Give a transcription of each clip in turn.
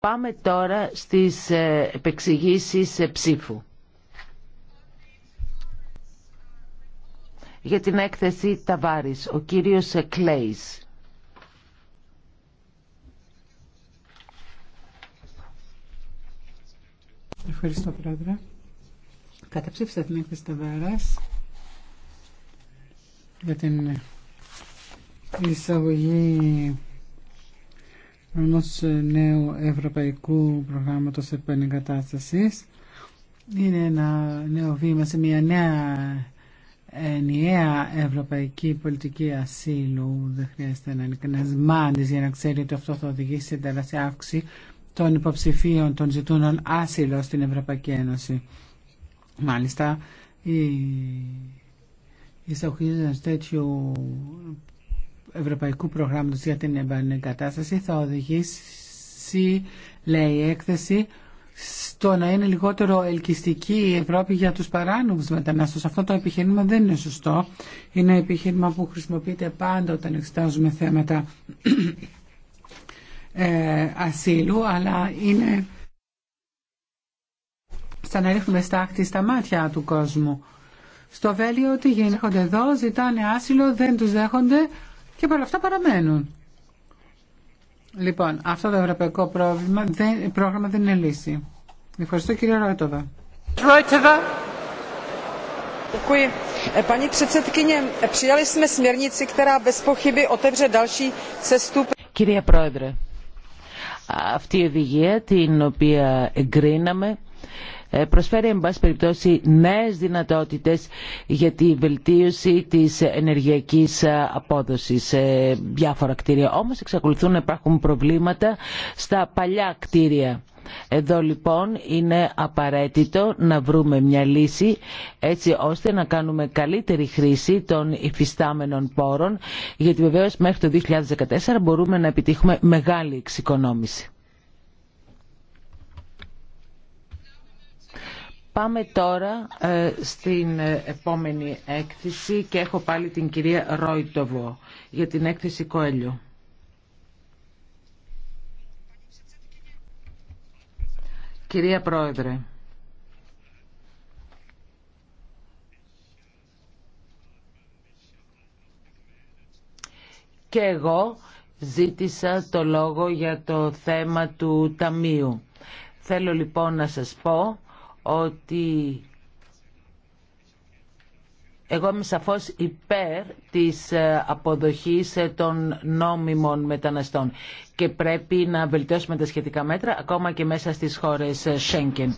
Πάμε τώρα στις ε, επεξηγήσεις ε, ψήφου. Για την έκθεση Ταβάρης, ο κύριος ε, Κλέης. Ευχαριστώ, Πρόεδρε. Καταψήφισα την έκθεση Ταβάρας για την εισαγωγή Ενό ε, νέου ευρωπαϊκού προγράμματο επανεγκατάσταση. Είναι ένα νέο βήμα σε μια νέα ε, ενιαία ευρωπαϊκή πολιτική ασύλου. Δεν χρειάζεται να είναι μάντη για να ξέρει ότι αυτό θα οδηγήσει σε τεράστια αύξηση των υποψηφίων των ζητούνων άσυλο στην Ευρωπαϊκή Ένωση. Μάλιστα, η εισαγωγή τέτοιου Ευρωπαϊκού Προγράμματος για την Εμπανεγκατάσταση θα οδηγήσει, λέει η έκθεση, στο να είναι λιγότερο ελκυστική η Ευρώπη για τους παράνομους μετανάστες. Αυτό το επιχείρημα δεν είναι σωστό. Είναι επιχείρημα που χρησιμοποιείται πάντα όταν εξετάζουμε θέματα ε, ασύλου, αλλά είναι σαν να ρίχνουμε στάχτη στα μάτια του κόσμου. Στο Βέλιο ότι γίνονται εδώ, ζητάνε άσυλο, δεν τους δέχονται, και παρόλα αυτά παραμένουν. Λοιπόν, αυτό το ευρωπαϊκό πρόβλημα δεν, πρόγραμμα δεν είναι λύση. Ευχαριστώ κύριε Ρόιτοβα. Ρόιτοβα. Κυρία Πρόεδρε, αυτή η οδηγία την οποία εγκρίναμε ε, προσφέρει εν πάση περιπτώσει νέες δυνατότητες για τη βελτίωση της ενεργειακής ε, απόδοσης σε διάφορα κτίρια. Όμως εξακολουθούν να υπάρχουν προβλήματα στα παλιά κτίρια. Εδώ λοιπόν είναι απαραίτητο να βρούμε μια λύση έτσι ώστε να κάνουμε καλύτερη χρήση των υφιστάμενων πόρων γιατί βεβαίως μέχρι το 2014 μπορούμε να επιτύχουμε μεγάλη εξοικονόμηση. Πάμε τώρα ε, στην ε, επόμενη έκθεση και έχω πάλι την κυρία Ρόιτοβο για την έκθεση Κοέλιο. Κυρία Πρόεδρε. Και εγώ ζήτησα το λόγο για το θέμα του Ταμείου. Θέλω λοιπόν να σας πω ότι εγώ είμαι σαφώς υπέρ της ε, αποδοχής ε, των νόμιμων μεταναστών και πρέπει να βελτιώσουμε τα σχετικά μέτρα ακόμα και μέσα στις χώρες Schengen. Ε,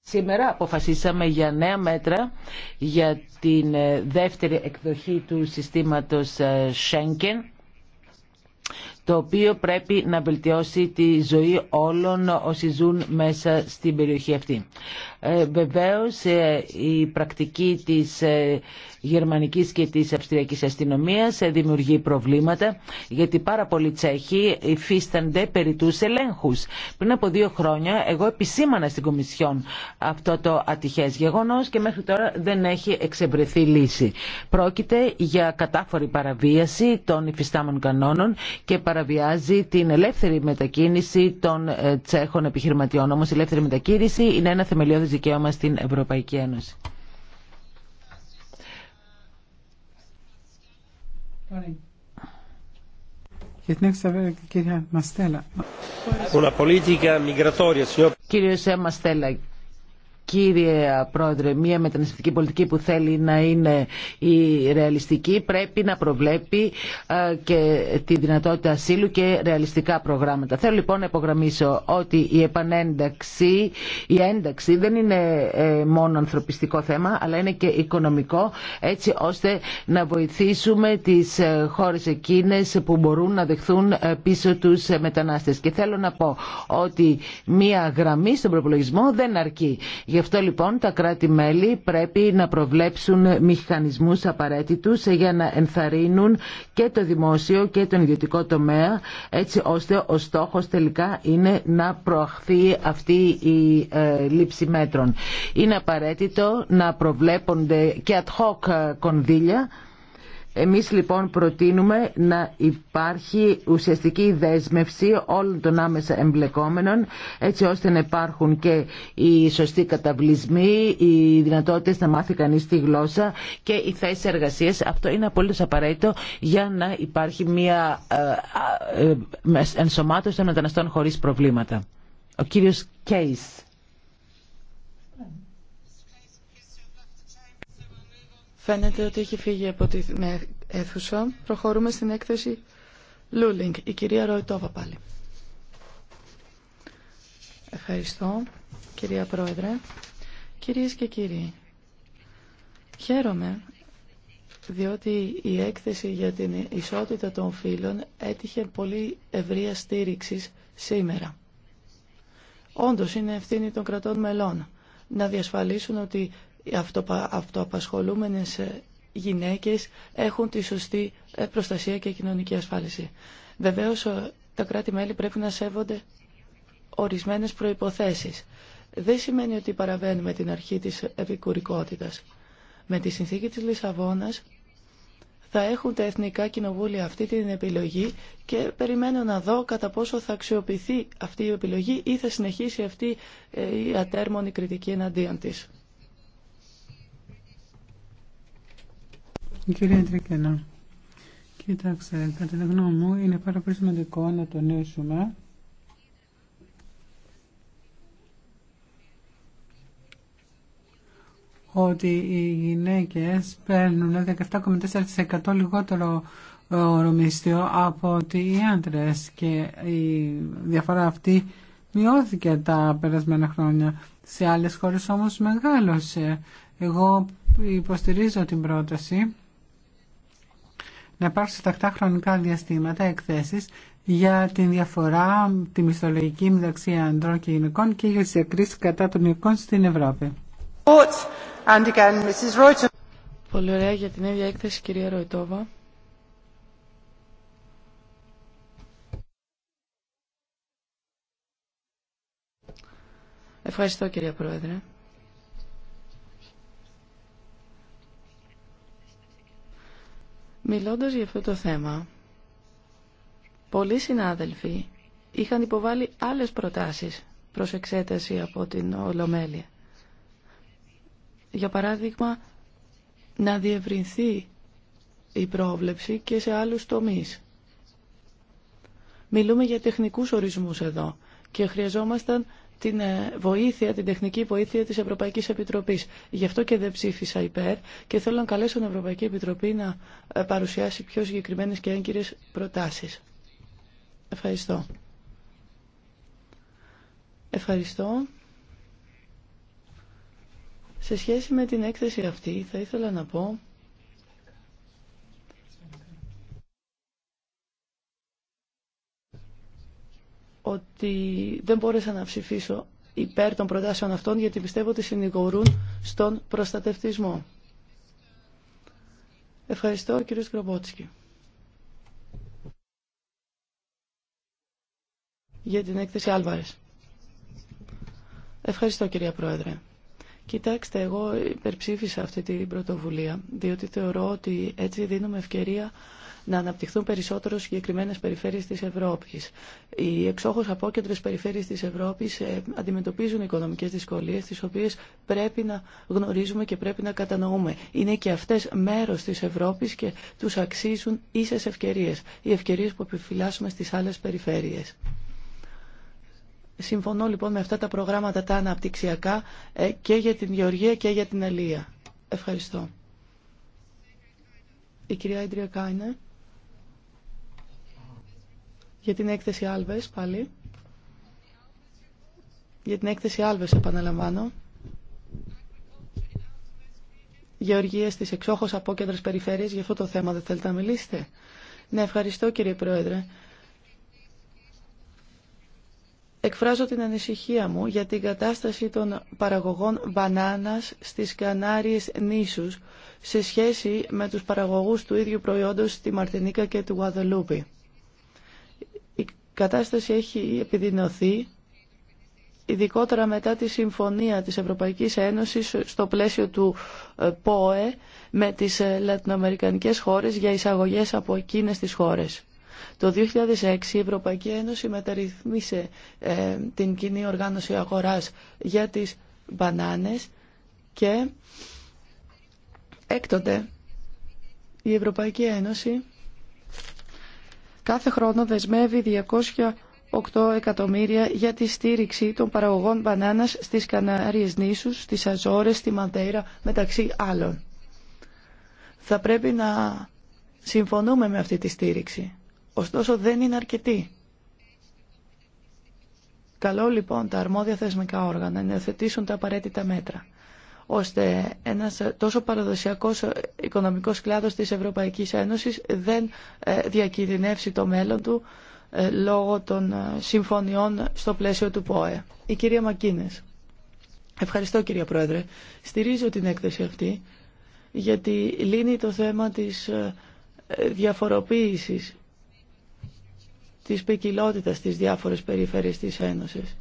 Σήμερα αποφασίσαμε για νέα μέτρα για την δεύτερη εκδοχή του συστήματος Schengen το οποίο πρέπει να βελτιώσει τη ζωή όλων όσοι ζουν μέσα στην περιοχή αυτή. Ε, βεβαίως ε, η πρακτική της ε, γερμανικής και της αυστριακής αστυνομίας δημιουργεί προβλήματα γιατί πάρα πολλοί Τσέχοι υφίστανται περί τους ελέγχους. Πριν από δύο χρόνια εγώ επισήμανα στην Κομισιόν αυτό το ατυχές γεγονός και μέχρι τώρα δεν έχει εξευρεθεί λύση. Πρόκειται για κατάφορη παραβίαση των υφιστάμων κανόνων και παραβιάζει την ελεύθερη μετακίνηση των ε, τσέχων επιχειρηματιών. Όμως η ελεύθερη μετακίνηση είναι ένα θεμελιώδης δικαίωμα στην Ευρωπαϊκή Ένωση. Ε, Κύριε Μαστέλα, κύριε Πρόεδρε, μια μεταναστευτική πολιτική που θέλει να είναι η ρεαλιστική πρέπει να προβλέπει ε, και τη δυνατότητα ασύλου και ρεαλιστικά προγράμματα. Θέλω λοιπόν να υπογραμμίσω ότι η επανένταξη, η ένταξη δεν είναι ε, μόνο ανθρωπιστικό θέμα, αλλά είναι και οικονομικό, έτσι ώστε να βοηθήσουμε τις ε, χώρες εκείνες που μπορούν να δεχθούν πίσω τους μετανάστες. Και θέλω να πω ότι μία γραμμή στον προπολογισμό δεν αρκεί Γι' αυτό λοιπόν τα κράτη-μέλη πρέπει να προβλέψουν μηχανισμούς απαραίτητους για να ενθαρρύνουν και το δημόσιο και τον ιδιωτικό τομέα έτσι ώστε ο στόχος τελικά είναι να προαχθεί αυτή η ε, λήψη μέτρων. Είναι απαραίτητο να προβλέπονται και ad hoc ε, κονδύλια εμείς λοιπόν προτείνουμε να υπάρχει ουσιαστική δέσμευση όλων των άμεσα εμπλεκόμενων έτσι ώστε να υπάρχουν και οι σωστοί καταβλισμοί, οι δυνατότητες να μάθει κανείς τη γλώσσα και οι θέσει εργασίας. Αυτό είναι απολύτως απαραίτητο για να υπάρχει μια ε, ε, ε, ενσωμάτωση των μεταναστών χωρίς προβλήματα. Ο κύριος Κέις. Φαίνεται ότι έχει φύγει από την αίθουσα. Προχωρούμε στην έκθεση Λούλινγκ. Η κυρία Ροϊτόβα πάλι. Ευχαριστώ, κυρία Πρόεδρε. Κυρίες και κύριοι, χαίρομαι διότι η έκθεση για την ισότητα των φύλων έτυχε πολύ ευρεία στήριξη σήμερα. Όντως είναι ευθύνη των κρατών μελών να διασφαλίσουν ότι οι αυτοαπασχολούμενες ε, γυναίκες έχουν τη σωστή ε, προστασία και κοινωνική ασφάλιση. Βεβαίως ε, τα κράτη-μέλη πρέπει να σέβονται ορισμένες προϋποθέσεις. Δεν σημαίνει ότι παραβαίνουμε την αρχή της επικουρικότητας. Με τη συνθήκη της Λισαβόνας θα έχουν τα εθνικά κοινοβούλια αυτή την επιλογή και περιμένω να δω κατά πόσο θα αξιοποιηθεί αυτή η επιλογή ή θα συνεχίσει αυτή η ατέρμονη κριτική εναντίον της. Κύριε Τρικένα, κοίταξε, κατά τη γνώμη μου είναι πάρα πολύ σημαντικό να τονίσουμε ότι οι γυναίκες παίρνουν 17,4% λιγότερο ε, ρομίστιο από ότι οι άντρες και η διαφορά αυτή μειώθηκε τα περασμένα χρόνια. Σε άλλες χώρες όμως μεγάλωσε. Εγώ υποστηρίζω την πρόταση να υπάρξουν τακτά χρονικά διαστήματα εκθέσεις για τη διαφορά, τη μισθολογική μεταξύ ανδρών και γυναικών και για τις εκκρίσεις κατά των γυναικών στην Ευρώπη. Πολύ ωραία για την ίδια έκθεση κυρία Ροϊτόβα. Ευχαριστώ κυρία Πρόεδρε. Μιλώντας για αυτό το θέμα, πολλοί συνάδελφοι είχαν υποβάλει άλλες προτάσεις προς εξέταση από την Ολομέλεια. Για παράδειγμα, να διευρυνθεί η πρόβλεψη και σε άλλους τομείς. Μιλούμε για τεχνικούς ορισμούς εδώ και χρειαζόμασταν την ε, βοήθεια, την τεχνική βοήθεια της Ευρωπαϊκής Επιτροπής. Γι' αυτό και δεν ψήφισα υπέρ και θέλω να καλέσω την Ευρωπαϊκή Επιτροπή να ε, παρουσιάσει πιο συγκεκριμένε και έγκυρες προτάσεις. Ευχαριστώ. Ευχαριστώ. Σε σχέση με την έκθεση αυτή θα ήθελα να πω ότι δεν μπόρεσα να ψηφίσω υπέρ των προτάσεων αυτών γιατί πιστεύω ότι συνηγορούν στον προστατευτισμό. Ευχαριστώ κύριο Σκροπότσκι. Για την έκθεση Άλβαρες. Ευχαριστώ κυρία Πρόεδρε. Κοιτάξτε, εγώ υπερψήφισα αυτή την πρωτοβουλία, διότι θεωρώ ότι έτσι δίνουμε ευκαιρία να αναπτυχθούν περισσότερο συγκεκριμένε περιφέρειες τη Ευρώπη. Οι εξόχως απόκεντρες περιφέρειες της Ευρώπης ε, αντιμετωπίζουν οικονομικέ δυσκολίε τι οποίε πρέπει να γνωρίζουμε και πρέπει να κατανοούμε. Είναι και αυτέ μέρο τη Ευρώπη και του αξίζουν ίσες ευκαιρίε, Οι ευκαιρίε που επιφυλάσσουμε στι άλλε περιφέρειε. Συμφωνώ λοιπόν με αυτά τα προγράμματα τα αναπτυξιακά ε, και για την Γεωργία και για την Αλία. Ευχαριστώ. Η κυρία Ιντρία για την έκθεση Άλβες πάλι. Για την έκθεση Άλβες επαναλαμβάνω. Γεωργία στις εξόχως απόκεντρες περιφέρειες, για αυτό το θέμα δεν θέλετε να μιλήσετε. Ναι, ευχαριστώ κύριε Πρόεδρε. Εκφράζω την ανησυχία μου για την κατάσταση των παραγωγών μπανάνας στις Κανάριες νήσους σε σχέση με τους παραγωγούς του ίδιου προϊόντος στη Μαρτινίκα και του Γουαδελούπη κατάσταση έχει επιδεινωθεί ειδικότερα μετά τη συμφωνία της Ευρωπαϊκής Ένωσης στο πλαίσιο του ε, ΠΟΕ με τις ε, λατινοαμερικανικές χώρες για εισαγωγές από εκείνες τις χώρες. Το 2006 η Ευρωπαϊκή Ένωση μεταρρυθμίσε ε, την κοινή οργάνωση αγοράς για τις μπανάνες και έκτοτε η Ευρωπαϊκή Ένωση κάθε χρόνο δεσμεύει 208 εκατομμύρια για τη στήριξη των παραγωγών μπανάνας στις Κανάριες νήσους, στις Αζόρες, στη μαντέρα, μεταξύ άλλων. Θα πρέπει να συμφωνούμε με αυτή τη στήριξη. Ωστόσο δεν είναι αρκετή. Καλό λοιπόν τα αρμόδια θεσμικά όργανα να θετήσουν τα απαραίτητα μέτρα ώστε ένας τόσο παραδοσιακός οικονομικός κλάδος της Ευρωπαϊκής Ένωσης δεν ε, διακινδυνεύσει το μέλλον του ε, λόγω των ε, συμφωνιών στο πλαίσιο του ΠΟΕ. Η κυρία Μακίνες. Ευχαριστώ κυρία Πρόεδρε. Στηρίζω την έκθεση αυτή γιατί λύνει το θέμα της διαφοροποίησης της ποικιλότητας στις διάφορες περιφέρειες της Ένωσης.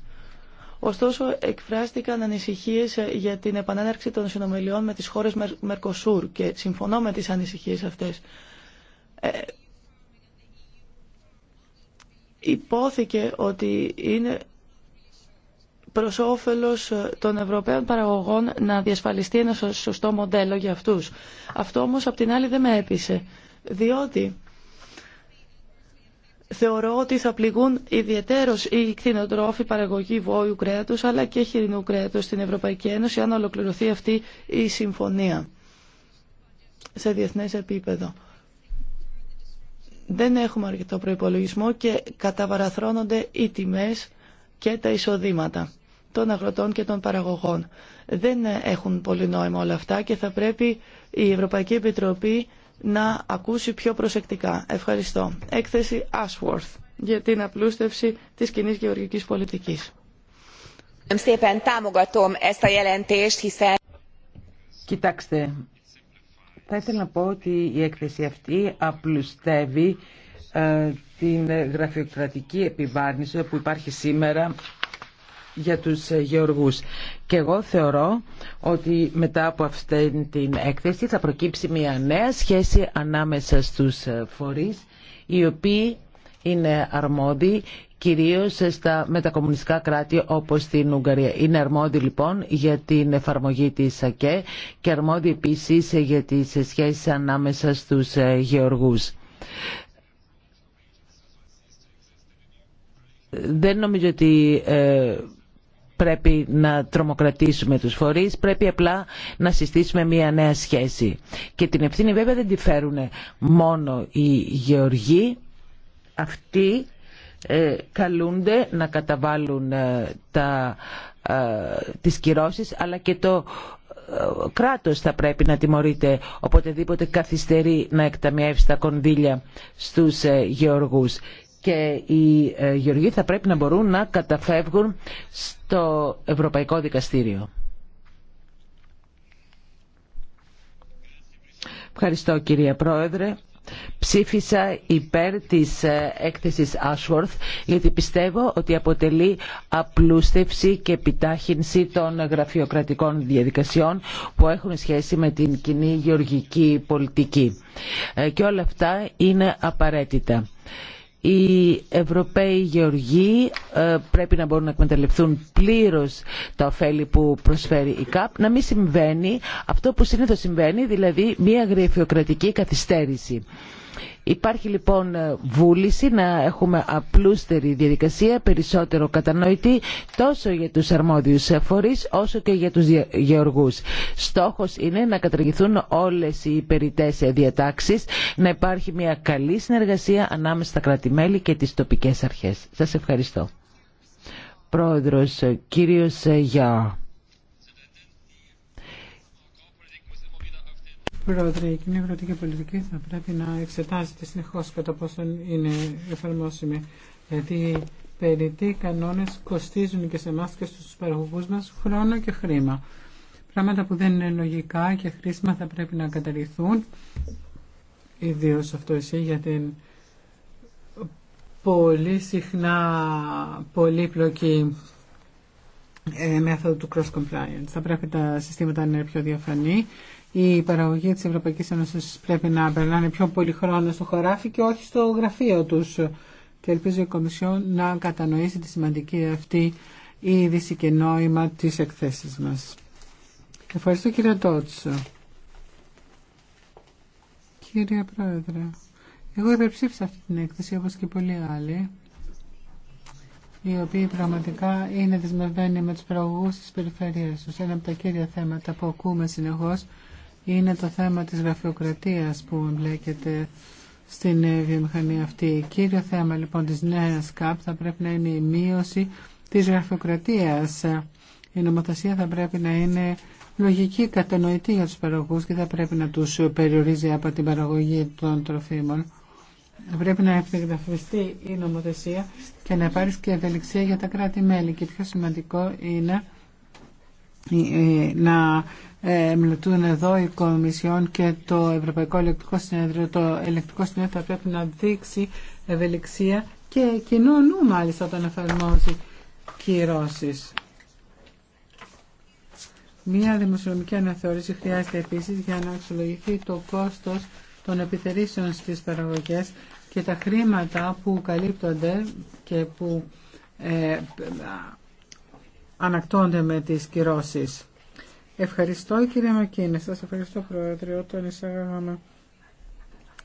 Ωστόσο, εκφράστηκαν ανησυχίε για την επανέναρξη των συνομιλιών με τι χώρε Μερκοσούρ και συμφωνώ με τι ανησυχίε αυτέ. Ε, υπόθηκε ότι είναι προ όφελο των Ευρωπαίων παραγωγών να διασφαλιστεί ένα σωστό μοντέλο για αυτούς. Αυτό όμως απ' την άλλη δεν με έπεισε, διότι θεωρώ ότι θα πληγούν ιδιαιτέρως οι κτηνοτρόφοι παραγωγή βόλου κρέατος αλλά και χοιρινού κρέατος στην Ευρωπαϊκή Ένωση αν ολοκληρωθεί αυτή η συμφωνία σε διεθνές επίπεδο. Δεν έχουμε αρκετό προϋπολογισμό και καταβαραθρώνονται οι τιμές και τα εισοδήματα των αγροτών και των παραγωγών. Δεν έχουν πολύ νόημα όλα αυτά και θα πρέπει η Ευρωπαϊκή Επιτροπή να ακούσει πιο προσεκτικά. Ευχαριστώ. Έκθεση Ashworth για την απλούστευση της κοινή γεωργικής πολιτικής. Κοιτάξτε, θα ήθελα να πω ότι η έκθεση αυτή απλουστεύει ε, την γραφειοκρατική επιβάρυνση που υπάρχει σήμερα για τους ε, γεωργούς. Και εγώ θεωρώ ότι μετά από αυτή την έκθεση θα προκύψει μια νέα σχέση ανάμεσα στους ε, φορείς οι οποίοι είναι αρμόδιοι κυρίως στα μετακομμουνιστικά κράτη όπως στην Ουγγαρία. Είναι αρμόδιοι λοιπόν για την εφαρμογή της ΑΚΕ και αρμόδιοι επίσης για τις σχέσεις ανάμεσα στους ε, γεωργούς. Δεν νομίζω ότι πρέπει να τρομοκρατήσουμε τους φορείς, πρέπει απλά να συστήσουμε μια νέα σχέση. Και την ευθύνη βέβαια δεν τη φέρουν μόνο οι γεωργοί, αυτοί ε, καλούνται να καταβάλουν ε, τα, ε, τις κυρώσεις, αλλά και το κράτος θα πρέπει να τιμωρείται οποτεδήποτε καθυστερεί να εκταμιεύσει τα κονδύλια στους γεωργούς και οι ε, γεωργοί θα πρέπει να μπορούν να καταφεύγουν στο Ευρωπαϊκό Δικαστήριο. Ευχαριστώ κυρία Πρόεδρε. Ψήφισα υπέρ της ε, έκθεσης Ashworth γιατί πιστεύω ότι αποτελεί απλούστευση και επιτάχυνση των γραφειοκρατικών διαδικασιών που έχουν σχέση με την κοινή γεωργική πολιτική. Ε, και όλα αυτά είναι απαραίτητα οι Ευρωπαίοι γεωργοί ε, πρέπει να μπορούν να εκμεταλλευτούν πλήρως τα ωφέλη που προσφέρει η ΚΑΠ, να μην συμβαίνει αυτό που συνήθως συμβαίνει, δηλαδή μια γραφειοκρατική καθυστέρηση. Υπάρχει λοιπόν ε, βούληση να έχουμε απλούστερη διαδικασία, περισσότερο κατανοητή τόσο για τους αρμόδιους φορείς όσο και για τους γεωργούς. Στόχος είναι να καταργηθούν όλες οι περιττές διατάξεις, να υπάρχει μια καλή συνεργασία ανάμεσα στα κράτη-μέλη και τις τοπικές αρχές. Σας ευχαριστώ. Πρόεδρος, ε, κύριος ε, Πρόεδρε, η κοινή αγροτική πολιτική θα πρέπει να εξετάζεται συνεχώ κατά πόσο είναι εφαρμόσιμη. Γιατί περί τι κανόνε κοστίζουν και σε εμά και στου παραγωγού μα χρόνο και χρήμα. Πράγματα που δεν είναι λογικά και χρήσιμα θα πρέπει να καταργηθούν. Ιδίω αυτό εσύ για την πολύ συχνά πολύπλοκη ε, μέθοδο του cross compliance. Θα πρέπει τα συστήματα να είναι πιο διαφανή η παραγωγή της Ευρωπαϊκής Ένωσης πρέπει να περνάνε πιο πολύ χρόνο στο χωράφι και όχι στο γραφείο τους. Και ελπίζω η Κομισιόν να κατανοήσει τη σημαντική αυτή είδηση και νόημα της εκθέσης μας. Ευχαριστώ κύριε Τότσο. Κύριε Πρόεδρε, εγώ υπερψήφισα αυτή την έκθεση όπως και πολλοί άλλοι οι οποίοι πραγματικά είναι δεσμευμένοι με τους παραγωγού της περιφερειάς τους. Ένα από τα κύρια θέματα που ακούμε συνεχώς είναι το θέμα της γραφειοκρατίας που εμπλέκεται στην βιομηχανία αυτή. Κύριο θέμα λοιπόν της νέας ΚΑΠ θα πρέπει να είναι η μείωση της γραφειοκρατίας. Η νομοθεσία θα πρέπει να είναι λογική, κατανοητή για τους παραγωγούς και θα πρέπει να τους περιορίζει από την παραγωγή των τροφίμων. Θα πρέπει να ευθυγραφιστεί η νομοθεσία και να πάρει και ευελιξία για τα κράτη-μέλη. Και πιο σημαντικό είναι να ε, Μιλητούν εδώ η Κομισιόν και το Ευρωπαϊκό Ελεκτικό Συνέδριο. Το Ελεκτικό Συνέδριο θα πρέπει να δείξει ευελιξία και κοινό νου μάλιστα όταν εφαρμόζει κυρώσεις. Μία δημοσιονομική αναθεώρηση χρειάζεται επίσης για να αξιολογηθεί το κόστος των επιθερήσεων στις παραγωγές και τα χρήματα που καλύπτονται και που ε, ανακτώνται με τις κυρώσεις. Ευχαριστώ κύριε Μακίνη, Σας ευχαριστώ πρόεδρε όταν εισάγαμε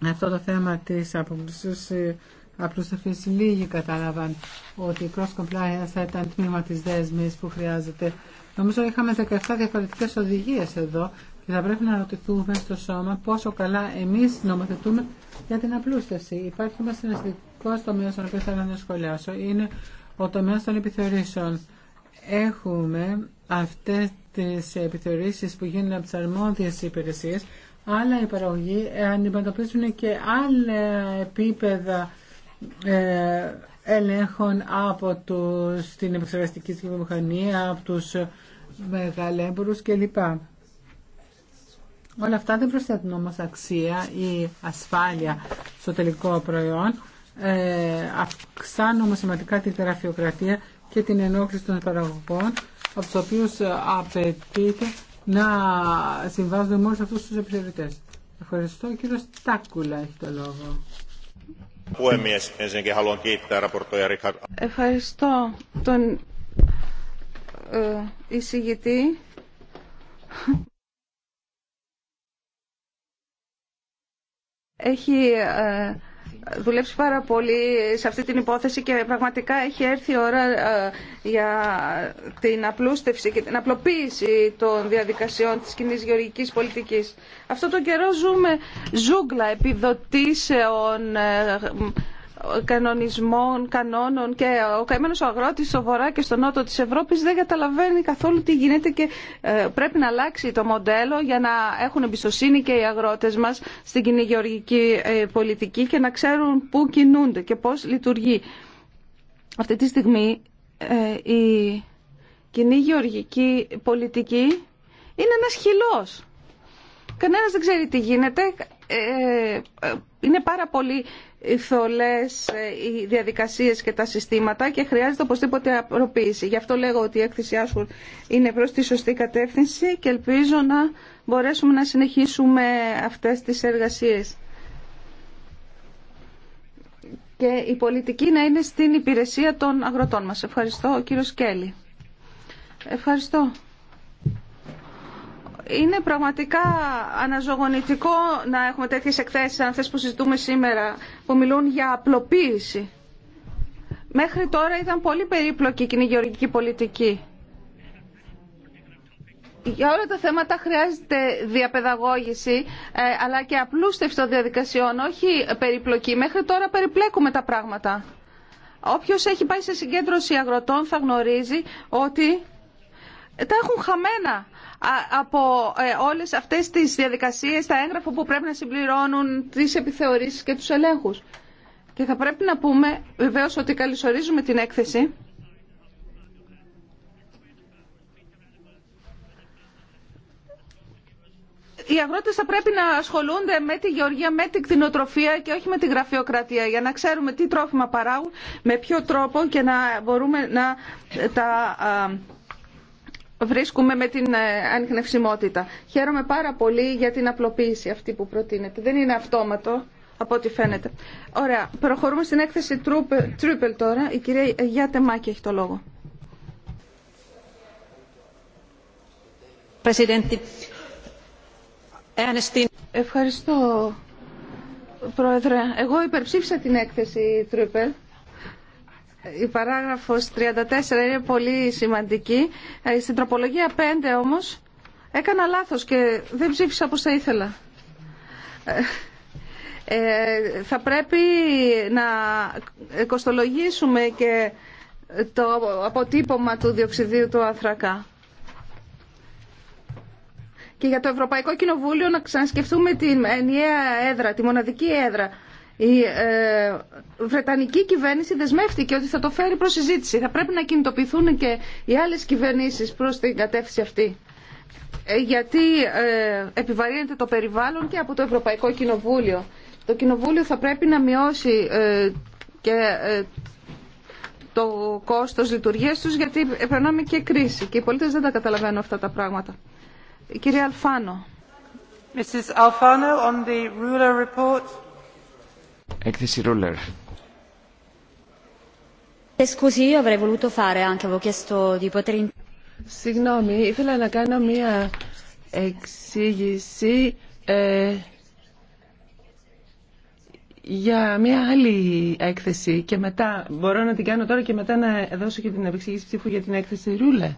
αυτό το θέμα της αποπλησίας ε, απλουστευσής λίγοι κατάλαβαν ότι η cross compliance θα ήταν τμήμα της δέσμης που χρειάζεται. Νομίζω είχαμε 17 διαφορετικές οδηγίες εδώ και θα πρέπει να ρωτηθούμε στο σώμα πόσο καλά εμείς νομοθετούμε για την απλούστευση. Υπάρχει ένα συναισθητικό τομέα στον οποίο θέλω να σχολιάσω. Είναι ο τομέα των επιθεωρήσεων. Έχουμε αυτές τις επιθεωρήσεις που γίνονται από τις αρμόδιες υπηρεσίες, αλλά οι παραγωγοί ε, αντιμετωπίζουν και άλλα επίπεδα ε, ελέγχων από τους, την επεξεργαστική βιομηχανία, από τους μεγαλέμπορους κλπ. Όλα αυτά δεν προσθέτουν όμως αξία ή ασφάλεια στο τελικό προϊόν, ε, αυξάνουμε σημαντικά τη γραφειοκρατία και την ενόχληση των παραγωγών από τους οποίους ε, απαιτείται να συμβάζονται σε αυτού του επιχειρητές. Ευχαριστώ. Ο κύριο Τάκουλα έχει το λόγο. Ευχαριστώ τον ε, εισηγητή. Έχει δουλέψει πάρα πολύ σε αυτή την υπόθεση και πραγματικά έχει έρθει η ώρα ε, για την απλούστευση και την απλοποίηση των διαδικασιών της κοινή γεωργικής πολιτικής. Αυτό το καιρό ζούμε ζούγκλα επιδοτήσεων ε, κανονισμών, κανόνων και ο καημένος ο αγρότης στο βορρά και στο νότο της Ευρώπης δεν καταλαβαίνει καθόλου τι γίνεται και ε, πρέπει να αλλάξει το μοντέλο για να έχουν εμπιστοσύνη και οι αγρότες μας στην κοινή γεωργική ε, πολιτική και να ξέρουν πού κινούνται και πώς λειτουργεί. Αυτή τη στιγμή ε, η κοινή γεωργική πολιτική είναι ένας χυλός. Κανένας δεν ξέρει τι γίνεται. Είναι πάρα πολύ οι θολές ε, οι διαδικασίες και τα συστήματα και χρειάζεται οπωσδήποτε απροποίηση. Γι' αυτό λέγω ότι η έκθεση Άσχουρ είναι προς τη σωστή κατεύθυνση και ελπίζω να μπορέσουμε να συνεχίσουμε αυτές τις εργασίες. Και η πολιτική να είναι στην υπηρεσία των αγροτών μας. Ευχαριστώ, κύριο κύριος Ευχαριστώ είναι πραγματικά αναζωογονητικό να έχουμε τέτοιες εκθέσεις σαν αυτές που συζητούμε σήμερα που μιλούν για απλοποίηση. Μέχρι τώρα ήταν πολύ περίπλοκη η γεωργική πολιτική. Για όλα τα θέματα χρειάζεται διαπαιδαγώγηση ε, αλλά και απλούστευση των διαδικασιών, όχι περιπλοκή. Μέχρι τώρα περιπλέκουμε τα πράγματα. Όποιος έχει πάει σε συγκέντρωση αγροτών θα γνωρίζει ότι τα έχουν χαμένα από ε, όλες αυτές τις διαδικασίες, τα έγγραφα που πρέπει να συμπληρώνουν τις επιθεωρήσεις και τους ελέγχους. Και θα πρέπει να πούμε βεβαίω ότι καλυσορίζουμε την έκθεση. Οι αγρότες θα πρέπει να ασχολούνται με τη γεωργία, με την κτηνοτροφία και όχι με τη γραφειοκρατία για να ξέρουμε τι τρόφιμα παράγουν, με ποιο τρόπο και να μπορούμε να τα βρίσκουμε με την ε, ανιχνευσιμότητα. Χαίρομαι πάρα πολύ για την απλοποίηση αυτή που προτείνεται. Δεν είναι αυτόματο από ό,τι φαίνεται. Ωραία. Προχωρούμε στην έκθεση Τρούπελ τώρα. Η κυρία Γιάτε Μάκη έχει το λόγο. Ευχαριστώ, Πρόεδρε. Εγώ υπερψήφισα την έκθεση Τρούπελ η παράγραφος 34 είναι πολύ σημαντική. Ε, στην τροπολογία 5 όμως έκανα λάθος και δεν ψήφισα όπως θα ήθελα. Ε, ε, θα πρέπει να κοστολογήσουμε και το αποτύπωμα του διοξιδίου του ανθρακά. Και για το Ευρωπαϊκό Κοινοβούλιο να ξανασκεφτούμε την ενιαία έδρα, τη μοναδική έδρα η ε, Βρετανική κυβέρνηση δεσμεύτηκε ότι θα το φέρει προς συζήτηση. Θα πρέπει να κινητοποιηθούν και οι άλλες κυβερνήσεις προς την κατεύθυνση αυτή. Ε, γιατί ε, επιβαρύνεται το περιβάλλον και από το Ευρωπαϊκό Κοινοβούλιο. Το Κοινοβούλιο θα πρέπει να μειώσει και το κόστος λειτουργίας τους γιατί περνάμε και κρίση και οι πολίτες δεν τα καταλαβαίνουν αυτά τα πράγματα. Η κυρία Αλφάνο. Mrs. Alfano on the ruler report. Έκθεση Ρούλερ. Ε, Συγγνώμη, ήθελα να κάνω μία εξήγηση ε, για μία άλλη έκθεση και μετά μπορώ να την κάνω τώρα και μετά να δώσω και την επεξήγηση ψήφου για την έκθεση Ρούλε.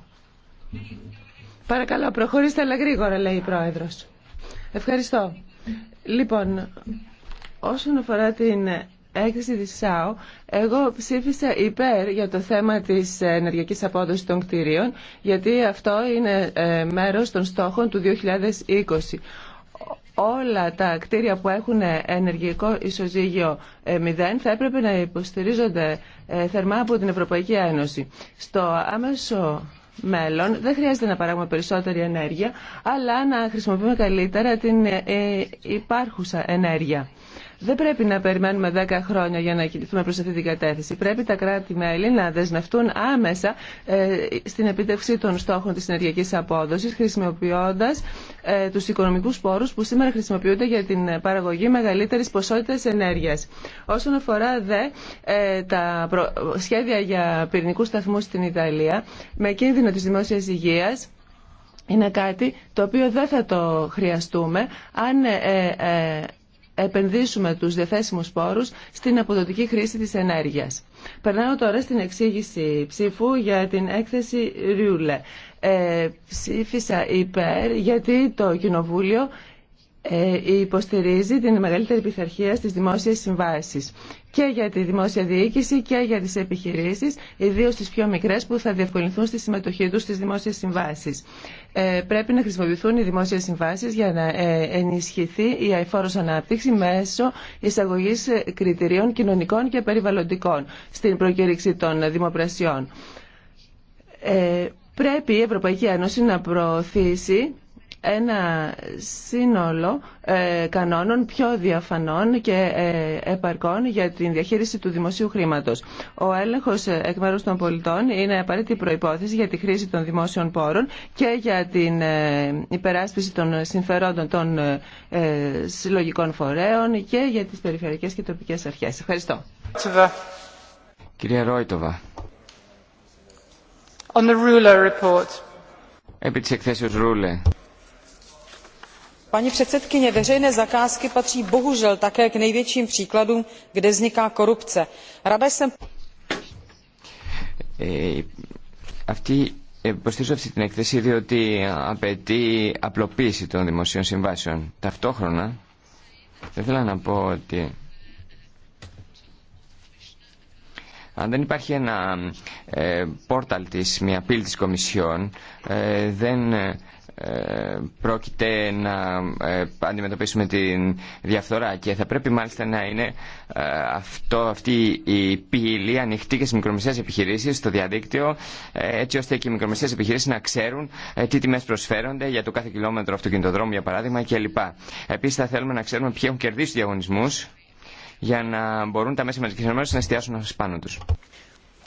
Παρακαλώ, προχωρήστε αλλά γρήγορα, λέει η Πρόεδρος. Ευχαριστώ. Λοιπόν, Όσον αφορά την έκθεση της ΣΑΟ, εγώ ψήφισα υπέρ για το θέμα της ενεργειακής απόδοσης των κτηρίων, γιατί αυτό είναι ε, μέρος των στόχων του 2020. Όλα τα κτίρια που έχουν ενεργειακό ισοζύγιο 0 ε, θα έπρεπε να υποστηρίζονται ε, θερμά από την Ευρωπαϊκή Ένωση. Στο άμεσο μέλλον δεν χρειάζεται να παράγουμε περισσότερη ενέργεια, αλλά να χρησιμοποιούμε καλύτερα την υπάρχουσα ενέργεια. Δεν πρέπει να περιμένουμε 10 χρόνια για να κινηθούμε προ αυτή την κατεύθυνση. Πρέπει τα κράτη-μέλη να δεσμευτούν άμεσα ε, στην επίτευξη των στόχων τη ενεργειακή απόδοση, χρησιμοποιώντα ε, του οικονομικού πόρου που σήμερα χρησιμοποιούνται για την παραγωγή μεγαλύτερη ποσότητα ενέργεια. Όσον αφορά δε ε, τα σχέδια για πυρηνικού σταθμού στην Ιταλία, με κίνδυνο τη δημόσια υγεία, είναι κάτι το οποίο δεν θα το χρειαστούμε αν επενδύσουμε του διαθέσιμου πόρου στην αποδοτική χρήση της ενέργειας. Περνάω τώρα στην εξήγηση ψήφου για την έκθεση Ριούλε. Ε, ψήφισα υπέρ γιατί το Κοινοβούλιο ε, υποστηρίζει την μεγαλύτερη πειθαρχία στις δημόσιες συμβάσεις και για τη δημόσια διοίκηση και για τις επιχειρήσεις, ιδίω τις πιο μικρές που θα διευκολυνθούν στη συμμετοχή τους στις δημόσιες συμβάσεις. Ε, πρέπει να χρησιμοποιηθούν οι δημόσιες συμβάσεις για να ε, ενισχυθεί η αηφόρος ανάπτυξη μέσω εισαγωγής κριτηρίων κοινωνικών και περιβαλλοντικών στην προκήρυξη των δημοπρασιών. Ε, πρέπει η Ευρωπαϊκή Ένωση να προωθήσει ένα σύνολο ε, κανόνων πιο διαφανών και ε, επαρκών για την διαχείριση του δημοσίου χρήματος. Ο έλεγχος εκ μέρους των πολιτών είναι απαραίτητη προϋπόθεση για τη χρήση των δημόσιων πόρων και για την ε, υπεράσπιση των συμφερόντων των συλλογικών φορέων και για τις περιφερειακές και τοπικές αρχές. Ευχαριστώ. Κυρία Ρόιτοβα. On Επί της εκθέσεως Ρούλε paní předsedkyně veřejné zakázky patří bohužel také k největším příkladům kde vzniká korupce. rada jsem. Ταυτόχρονα αν δεν υπάρχει ένα πόρταλ της, μια πύλη της Κομισιόν, δεν ε, πρόκειται να ε, αντιμετωπίσουμε την διαφθορά και θα πρέπει μάλιστα να είναι ε, αυτό, αυτή η πύλη ανοιχτή και στις μικρομεσαίες επιχειρήσεις στο διαδίκτυο έτσι ώστε και οι μικρομεσαίες επιχειρήσεις να ξέρουν τι τιμές προσφέρονται για το κάθε κιλόμετρο αυτοκινητοδρόμου για παράδειγμα κλπ. Επίσης θα θέλουμε να ξέρουμε ποιοι έχουν κερδίσει τους διαγωνισμούς για να μπορούν τα μέσα μαζικής ενημέρωσης να εστιάσουν πάνω τους.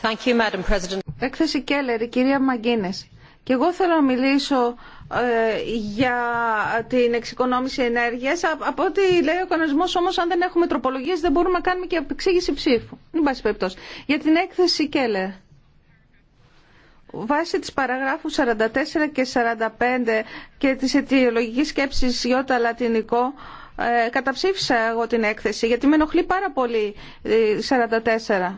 Thank you, Madam President. Έκθεση Κέλλερ, η κυρία Μαγκίνες. Και εγώ θέλω να μιλήσω ε, για την εξοικονόμηση ενέργειας. Από ό,τι λέει ο κανονισμός όμως, αν δεν έχουμε τροπολογίες, δεν μπορούμε να κάνουμε και εξήγηση ψήφου. Μην πάση περιπτώσει. Για την έκθεση Κέλλερ. Βάσει της παραγράφου 44 και 45 και της αιτιολογικής σκέψης Ιώτα Λατινικό, ε, καταψήφισα εγώ την έκθεση, γιατί με ενοχλεί πάρα πολύ 44. Ε,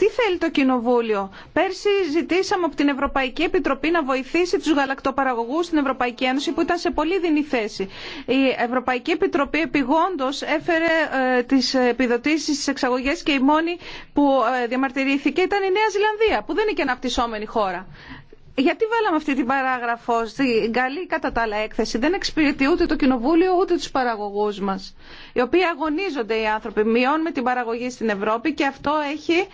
τι θέλει το Κοινοβούλιο. Πέρσι ζητήσαμε από την Ευρωπαϊκή Επιτροπή να βοηθήσει του γαλακτοπαραγωγού στην Ευρωπαϊκή Ένωση που ήταν σε πολύ δινή θέση. Η Ευρωπαϊκή Επιτροπή επιγόντω έφερε ε, τις επιδοτήσεις εξαγωγέ εξαγωγές και η μόνη που ε, διαμαρτυρήθηκε ήταν η Νέα Ζηλανδία που δεν είναι και αναπτυσσόμενη χώρα. Γιατί βάλαμε αυτή την παράγραφο στην καλή κατά τα άλλα έκθεση. Δεν εξυπηρετεί ούτε το κοινοβούλιο ούτε του παραγωγού μα, Οι οποίοι αγωνίζονται οι άνθρωποι. Μειώνουμε την παραγωγή στην Ευρώπη και αυτό έχει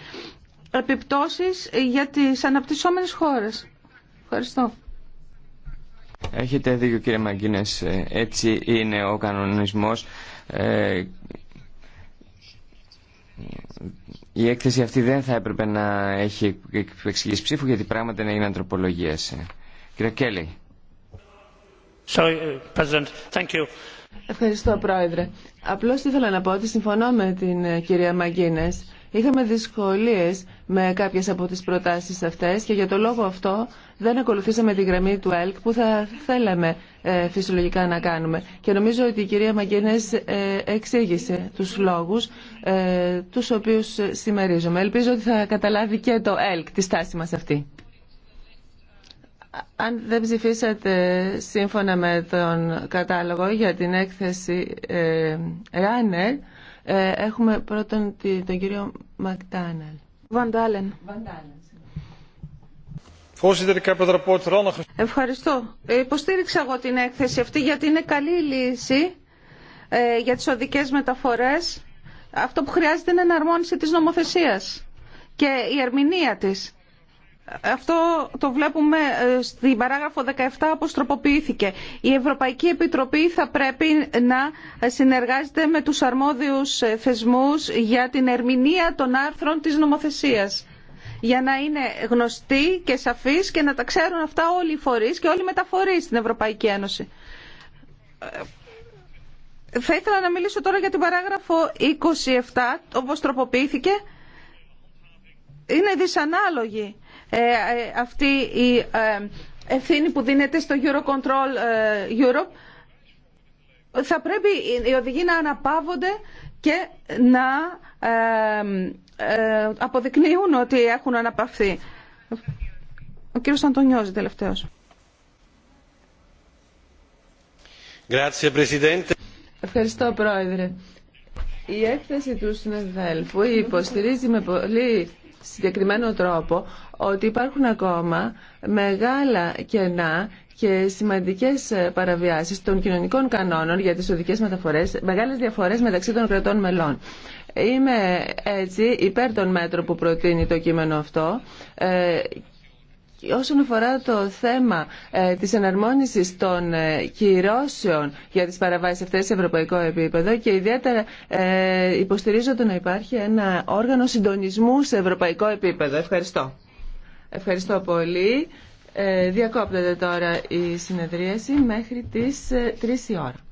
επιπτώσεις για τις αναπτυσσόμενες χώρες. Ευχαριστώ. Έχετε δίκιο κύριε Μαγκίνες. Ε, έτσι είναι ο κανονισμός. Ε, η έκθεση αυτή δεν θα έπρεπε να έχει εξηγήσει ψήφου γιατί πράγματα είναι αντροπολογίε. Ε, κύριε Κέλλη. Ευχαριστώ Πρόεδρε. Απλώς ήθελα να πω ότι συμφωνώ με την κυρία Μαγκίνες Είχαμε δυσκολίες με κάποιες από τις προτάσεις αυτές και για το λόγο αυτό δεν ακολουθήσαμε τη γραμμή του ΕΛΚ που θα θέλαμε ε, φυσιολογικά να κάνουμε. Και νομίζω ότι η κυρία ε, εξήγησε τους λόγους ε, τους οποίους συμμερίζομαι. Ελπίζω ότι θα καταλάβει και το ΕΛΚ τη στάση μας αυτή. Αν δεν ψηφίσατε σύμφωνα με τον κατάλογο για την έκθεση ε, Ράνερ, ε, έχουμε πρώτον τον κύριο Μακτάνελ. Βαντάλεν. Ευχαριστώ. Υποστήριξα εγώ την έκθεση αυτή γιατί είναι καλή λύση ε, για τις οδικές μεταφορές. Αυτό που χρειάζεται είναι εναρμόνιση της νομοθεσίας και η ερμηνεία της. Αυτό το βλέπουμε ε, στην παράγραφο 17 όπως τροποποιήθηκε. Η Ευρωπαϊκή Επιτροπή θα πρέπει να συνεργάζεται με τους αρμόδιους ε, θεσμούς για την ερμηνεία των άρθρων της νομοθεσίας για να είναι γνωστή και σαφής και να τα ξέρουν αυτά όλοι οι φορείς και όλοι οι μεταφορείς στην Ευρωπαϊκή Ένωση. Ε, θα ήθελα να μιλήσω τώρα για την παράγραφο 27, όπως τροποποιήθηκε. Είναι δυσανάλογη ε, ε, αυτή η ε, ευθύνη που δίνεται στο Eurocontrol Europe θα πρέπει οι οδηγοί να αναπαύονται και να αποδεικνύουν ότι έχουν αναπαυθεί. Ο κύριος Αντωνιώζη τελευταίος. Ευχαριστώ πρόεδρε. Η έκθεση του που υποστηρίζει με πολύ συγκεκριμένο τρόπο ότι υπάρχουν ακόμα μεγάλα κενά και σημαντικές παραβιάσεις των κοινωνικών κανόνων για τις οδικές μεταφορές, μεγάλες διαφορές μεταξύ των κρατών μελών. Είμαι έτσι υπέρ των μέτρων που προτείνει το κείμενο αυτό ε, Όσον αφορά το θέμα ε, της εναρμόνισης των ε, κυρώσεων για τις παραβάσεις αυτές σε ευρωπαϊκό επίπεδο και ιδιαίτερα ε, υποστηρίζω το να υπάρχει ένα όργανο συντονισμού σε ευρωπαϊκό επίπεδο. Ευχαριστώ. Ευχαριστώ πολύ. Διακόπτεται τώρα η συνεδρίαση μέχρι τις 3 η ώρα.